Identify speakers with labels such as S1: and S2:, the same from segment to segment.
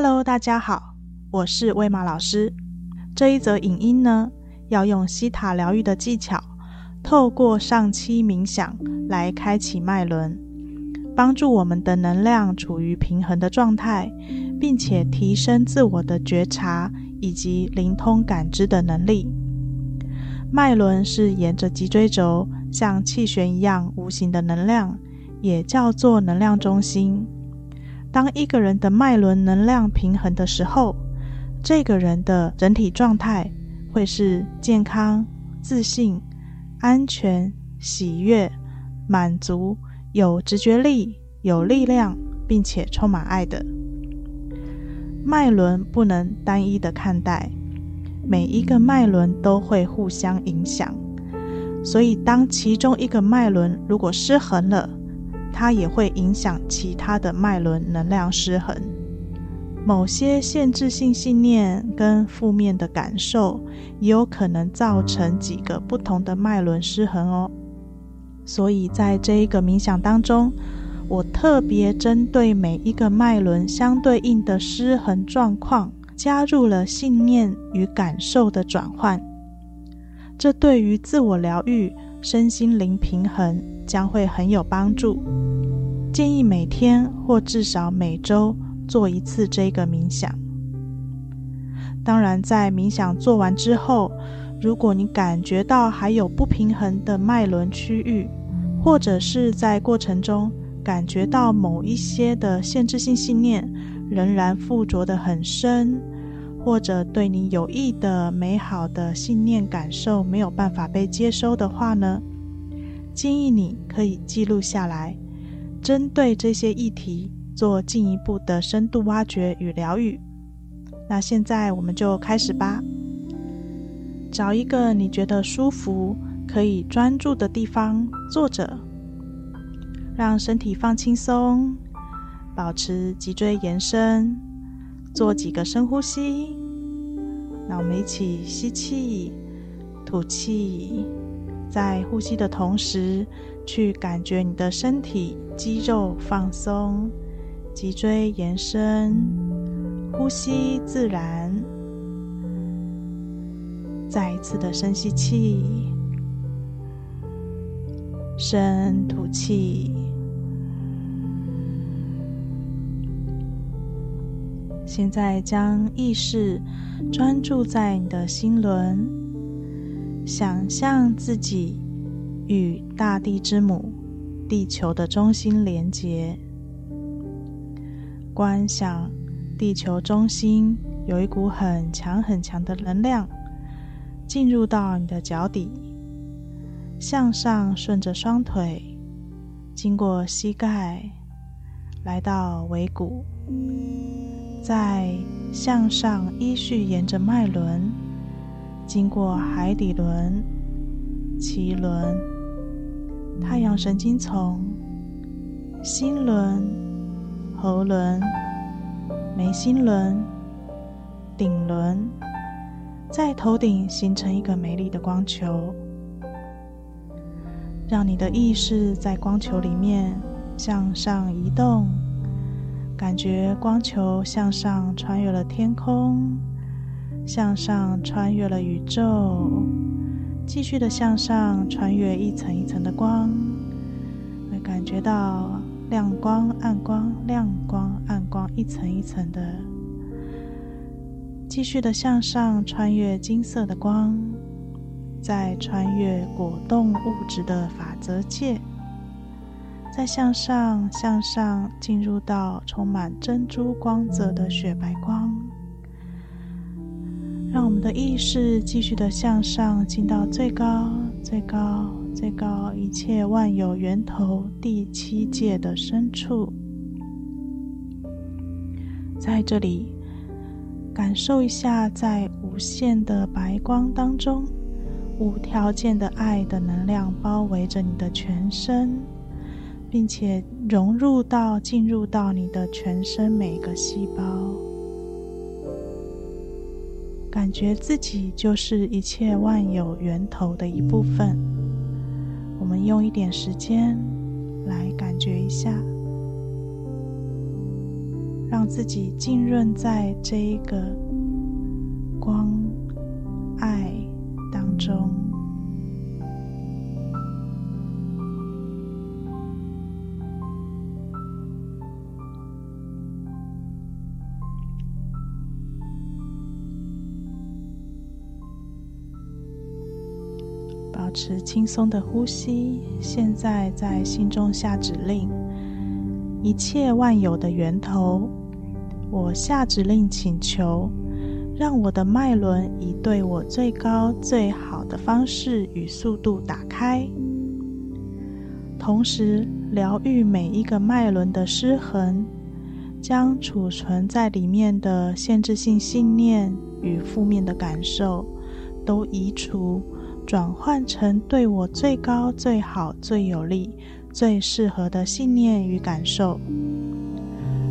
S1: Hello，大家好，我是葳瑪老師。這一則影音呢，要用希塔療癒的技巧，透過上期冥想來開啟脈輪，幫助我們的能量處於平衡的狀態，並且提升自我的覺察以及靈通感知的能力。脈輪是沿着脊椎軸，像氣旋一樣無形的能量，也叫做能量中心。當一個人的脈輪能量平衡的時候，這個人的整體狀態會是健康、自信、安全、喜悅、滿足、有直覺力、有力量，並且充滿愛的。脈輪不能單一的看待，每一個脈輪都會互相影響，所以當其中一個脈輪如果失衡了，它也會影響其他的脈輪能量失衡，某些限制性信念跟負面的感受，也有可能造成幾個不同的脈輪失衡哦。所以在這一個冥想當中，我特別針對每一個脈輪相對應的失衡狀況，加入了信念與感受的轉換。這對於自我療癒、身心靈平衡，將會很有幫助，建議每天或至少每週做一次這個冥想。當然，在冥想做完之後，如果你感覺到還有不平衡的脈輪區域，或者是在過程中感覺到某一些的限制性信念仍然附着得很深，或者對你有益的美好的信念感受沒有辦法被接收的話呢，建議你可以記錄下來，針對這些議題做進一步的深度挖掘與療癒。那現在我們就開始吧，找一個你覺得舒服、可以專注的地方坐着，讓身體放輕鬆，保持脊椎延伸，做幾個深呼吸。那我們一起吸氣，吐氣。在呼吸的同時，去感覺你的身體肌肉放鬆，脊椎延伸，呼吸自然。再一次的深吸氣，深吐氣。現在將意識專注在你的心輪。想象自己與大地之母、地球的中心連結，觀想地球中心有一股很強很強的能量，進入到你的腳底，向上順着雙腿，經過膝蓋，來到尾骨，再向上依序沿着脈輪。經過海底輪、臍輪、太陽神經叢、心輪、喉輪、眉心輪、頂輪，在頭頂形成一個美麗的光球，讓你的意識在光球裡面向上移動，感覺光球向上穿越了天空。向上穿越了宇宙，繼續的向上穿越一層一層的光，會感覺到亮光、暗光、亮光、暗光，一層一層的，繼續的向上穿越金色的光，再穿越果凍物質的法則界，再向上向上進入到充滿珍珠光澤的雪白光。我的意識繼續的向上，進到最高、最高、最高，一切萬有源頭第七界的深處。在這裡，感受一下，在無限的白光當中，無條件的愛的能量包圍着你的全身，並且融入到、進入到你的全身每個細胞。感覺自己就是一切萬有源頭的一部分。我們用一點時間來感覺一下，讓自己浸潤在這一個光。保持輕鬆的呼吸。現在在心中下指令：一切萬有的源頭，我下指令請求，讓我的脈輪以對我最高、最好的方式與速度打開，同時療癒每一個脈輪的失衡，將儲存在裡面的限制性信念與負面的感受都移除。轉換成對我最高、最好、最有利、最適合的信念與感受，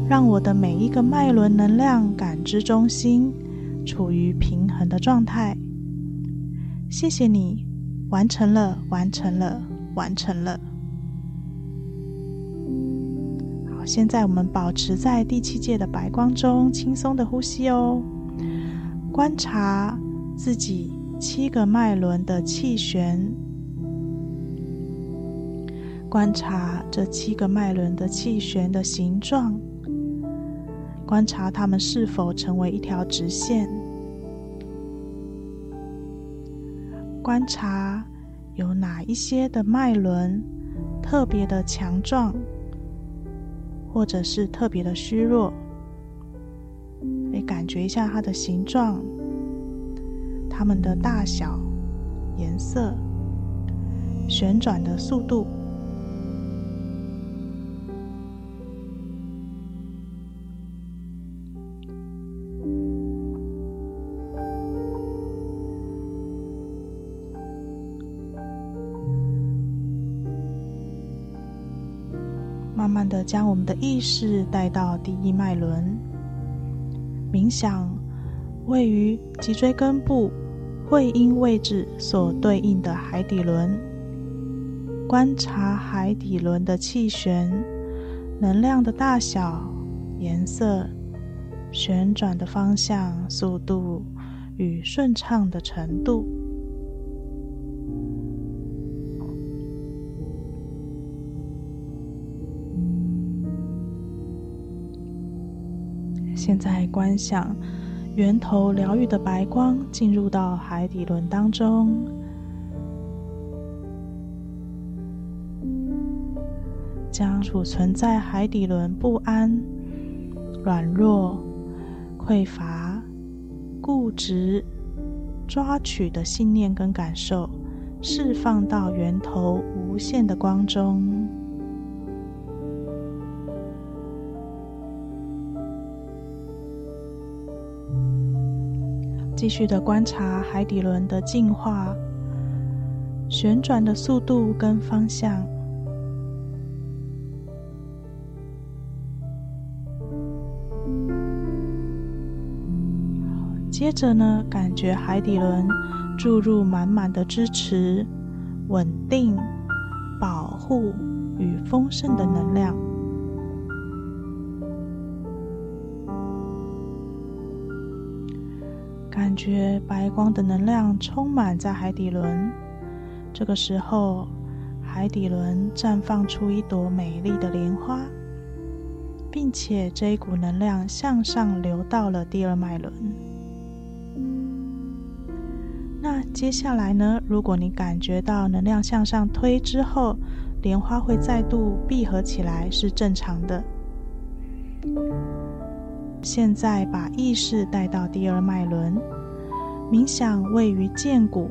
S1: 讓我的每一個脈輪能量感知中心處於平衡的狀態。謝謝你，完成了，完成了，完成了。好，現在我們保持在第七界的白光中，輕鬆的呼吸哦，觀察自己。七個脈輪的氣旋，觀察這七個脈輪的氣旋的形狀，觀察它們是否成為一條直線，觀察有哪一些的脈輪特別的強壯，或者是特別的虛弱，你感覺一下它的形狀。它們的大小、顏色、旋轉的速度，慢慢的將我們的意識帶到第一脈輪，冥想位於脊椎根部，會陰位置所對應的海底輪，觀察海底輪的氣旋、能量的大小、顏色、旋轉的方向、速度與順暢的程度。現在觀想。源頭療癒的白光進入到海底輪當中，將儲存在海底輪不安、軟弱、匱乏、固執、抓取的信念跟感受，釋放到源頭無限的光中。繼續的觀察海底輪的淨化，旋轉的速度跟方向。接着呢，感覺海底輪注入滿滿的支持、穩定、保護與豐盛的能量。感覺白光的能量充滿在海底輪，這個時候海底輪綻放出一朵美麗的蓮花，並且這一股能量向上流到了第二脈輪。那接下來呢，如果你感覺到能量向上推之後，蓮花會再度閉合起來，是正常的。現在把意識帶到第二脈輪，冥想位於薦骨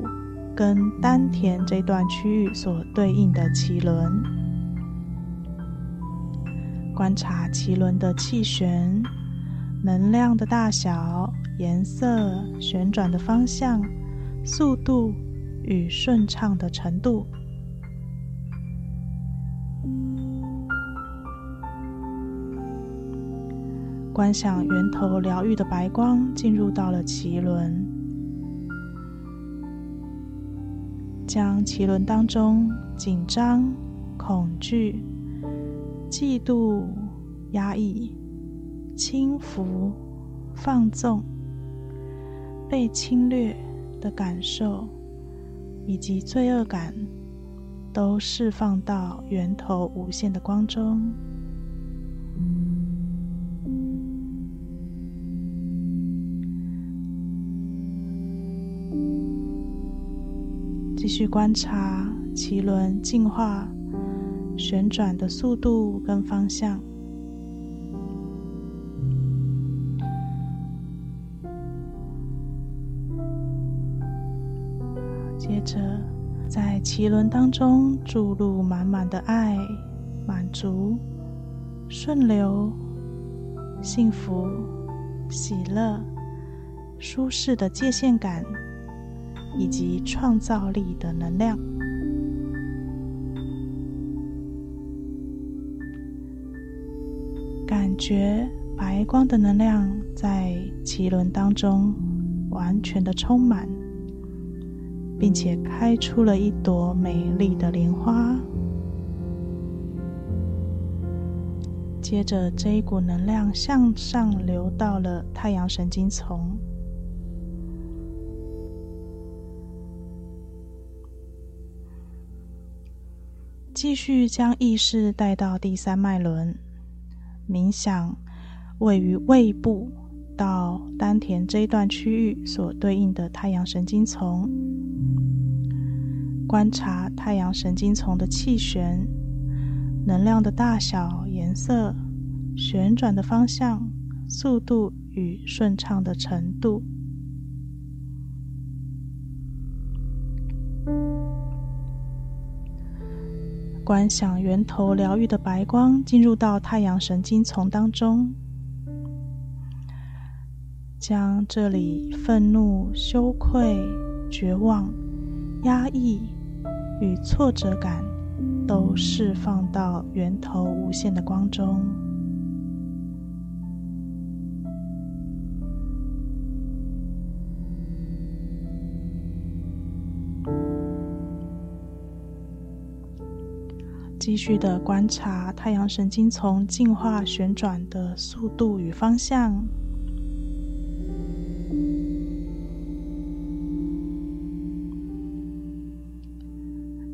S1: 跟丹田這段區域所對應的臍輪，觀察臍輪的氣旋、能量的大小、顏色、旋轉的方向、速度與順暢的程度。觀想源頭療癒的白光進入到了臍輪，將臍輪當中緊張、恐懼、嫉妒、壓抑、輕浮、放縱、被侵略的感受以及罪惡感，都釋放到源頭無限的光中。繼續觀察臍輪進化、旋轉的速度跟方向。接着，在臍輪當中注入滿滿的愛、滿足、順流、幸福、喜樂、舒適的界限感。以及創造力的能量，感覺白光的能量在臍輪當中完全的充滿，並且開出了一朵美麗的蓮花。接着，這一股能量向上流到了太陽神經叢。繼續將意識帶到第三脈輪，冥想位於胃部到丹田這一段區域所對應的太陽神經叢，觀察太陽神經叢的氣旋，能量的大小、顏色、旋轉的方向、速度與順暢的程度。觀想源頭療癒的白光進入到太陽神經叢當中，將這裡憤怒、羞愧、絕望、壓抑與挫折感都釋放到源頭無限的光中。繼續地觀察太陽神經叢進化旋轉的速度與方向，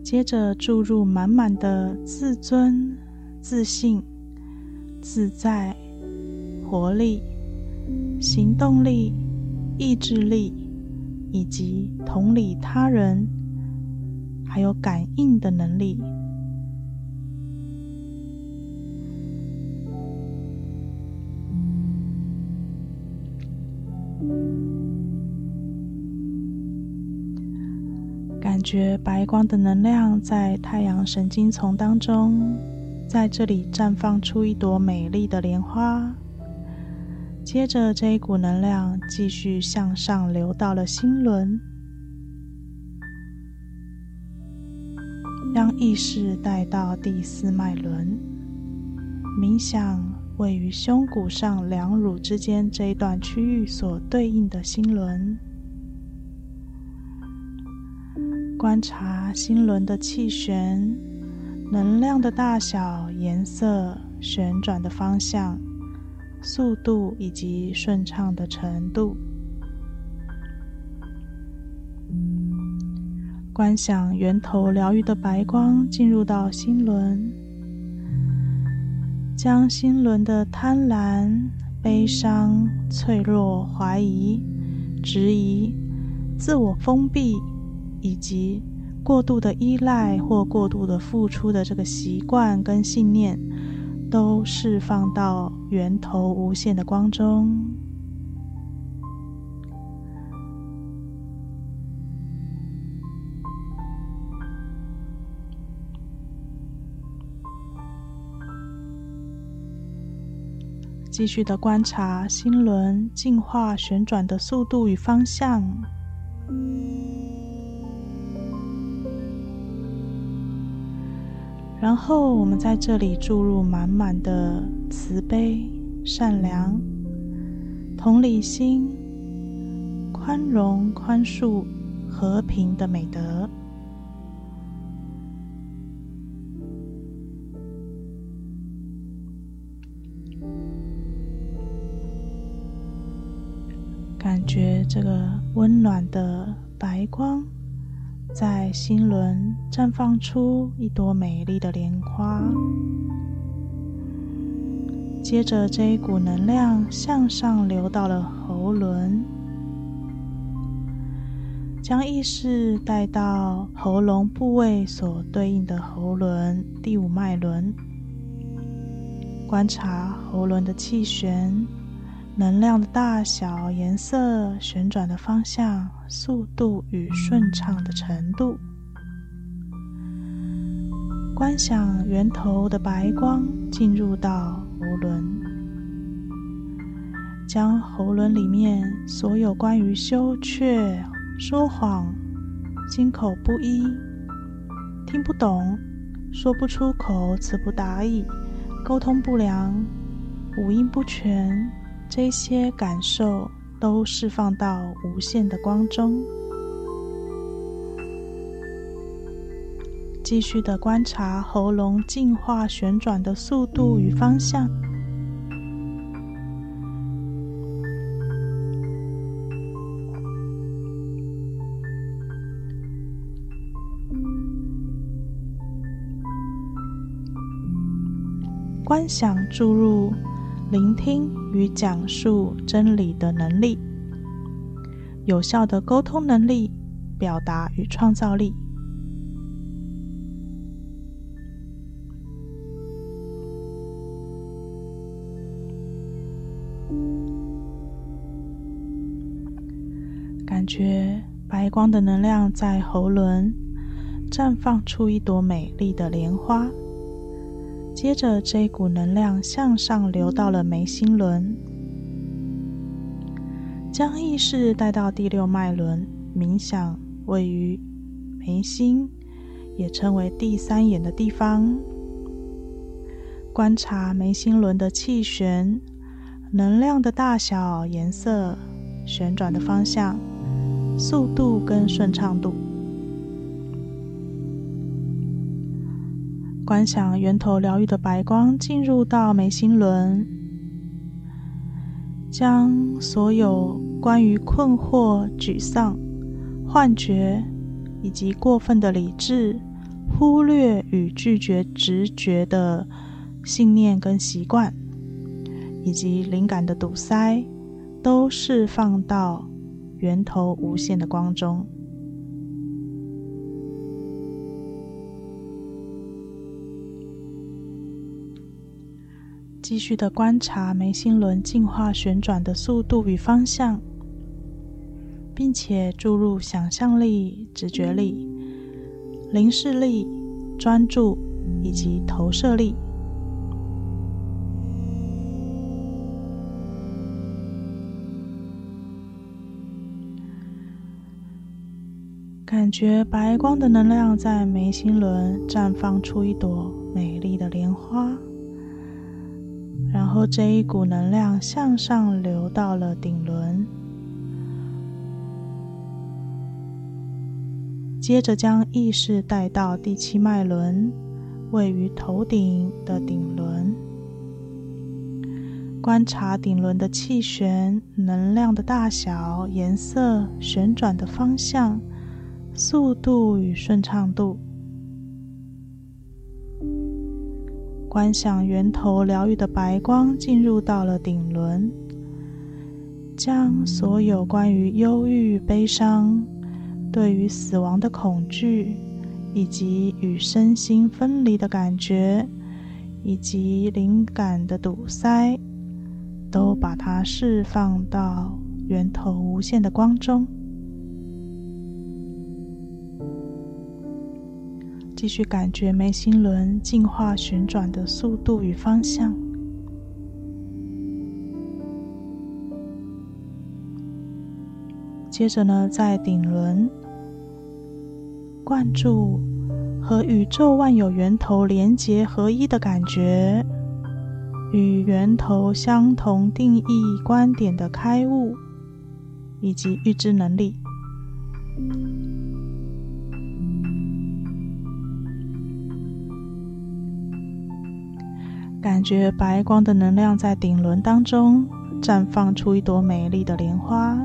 S1: 接着注入滿滿的自尊、自信、自在、活力、行動力、意志力，以及同理他人，還有感應的能力。感覺白光的能量在太陽神經叢當中，在這裡綻放出一朵美麗的蓮花。接着，這一股能量繼續向上流到了心輪，將意識帶到第四脈輪，冥想。位於胸骨上兩乳之間這一段區域所對應的心輪，觀察心輪的氣旋、能量的大小、顏色、旋轉的方向、速度以及順暢的程度。嗯，觀想源頭療癒的白光進入到心輪。將心輪的貪婪、悲傷、脆弱、懷疑、質疑、自我封閉，以及過度的依賴或過度的付出的這個習慣跟信念，都釋放到源頭無限的光中。繼續的觀察心輪進化旋轉的速度與方向，然後我們在這裡注入滿滿的慈悲、善良、同理心、寬容、寬恕、和平的美德。這個溫暖的白光在心輪綻放出一朵美麗的蓮花，接着這一股能量向上流到了喉輪，將意識帶到喉嚨部位所對應的喉輪第五脈輪，觀察喉輪的氣旋。能量的大小、顏色、旋轉的方向、速度與順暢的程度，觀想源頭的白光進入到喉輪，將喉輪裡面所有關於羞怯、說謊、心口不一、聽不懂、說不出口、詞不達意、溝通不良、五音不全。這些感受都釋放到無限的光中。繼續的觀察喉嚨淨化旋轉的速度與方向。觀想注入。聆聽與講述真理的能力，有效的溝通能力，表達與創造力。感覺白光的能量在喉輪綻放出一朵美麗的蓮花。接着，這一股能量向上流到了眉心輪，將意識帶到第六脈輪，冥想位於眉心，也稱為第三眼的地方，觀察眉心輪的氣旋、能量的大小、顏色、旋轉的方向、速度跟順暢度。觀想源頭療癒的白光進入到眉心輪，將所有關於困惑、沮喪、幻覺以及過分的理智、忽略與拒絕直覺的信念跟習慣，以及靈感的堵塞，都釋放到源頭無限的光中。繼續的觀察眉心輪進化旋轉的速度與方向，並且注入想象力、直覺力、靈視力、專注以及投射力，感覺白光的能量在眉心輪綻放出一朵美麗的蓮花。然後這一股能量向上流到了頂輪，接着將意識帶到第七脈輪，位於頭頂的頂輪，觀察頂輪的氣旋、能量的大小、顏色、旋轉的方向、速度與順暢度。觀想源頭療癒的白光進入到了頂輪，將所有關於憂鬱、悲傷、對於死亡的恐懼，以及與身心分離的感覺，以及靈感的堵塞，都把它釋放到源頭無限的光中。繼續感覺眉心輪淨化旋轉的速度與方向。接着呢，在頂輪，灌注和宇宙萬有源頭連結合一的感覺，與源頭相同定義觀點的開悟，以及預知能力。感覺白光的能量在頂輪當中綻放出一朵美麗的蓮花，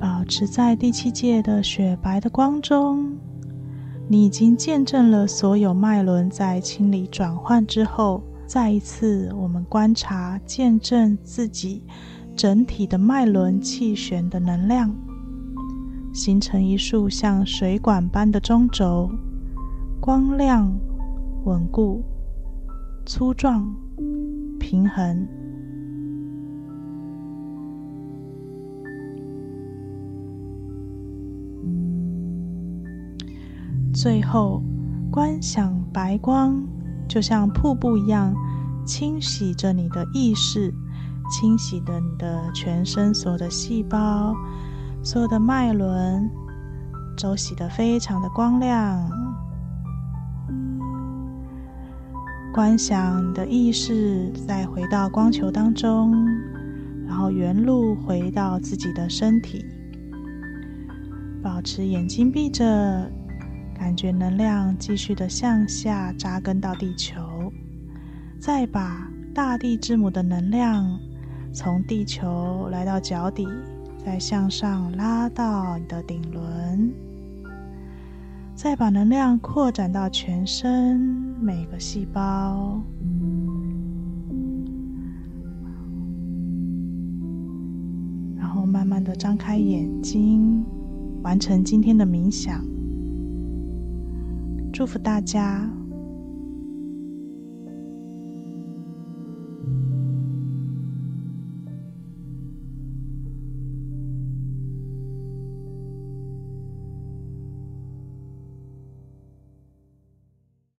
S1: 保持在第七界的雪白的光中。你已經見證了所有脈輪在清理轉換之後，再一次我們觀察見證自己整體的脈輪氣旋的能量。形成一束像水管般的中軸，光亮、穩固、粗壯、平衡。嗯。最後，觀想白光就像瀑布一樣，清洗着你的意識，清洗着你的全身所有的細胞。所有的脈輪都洗得非常的光亮。觀想你的意識，再回到光球當中，然後原路回到自己的身體，保持眼睛閉着，感覺能量繼續的向下扎根到地球，再把大地之母的能量從地球來到腳底。再向上拉到你的頂輪，再把能量擴展到全身每個細胞，然後慢慢的張開眼睛，完成今天的冥想。祝福大家。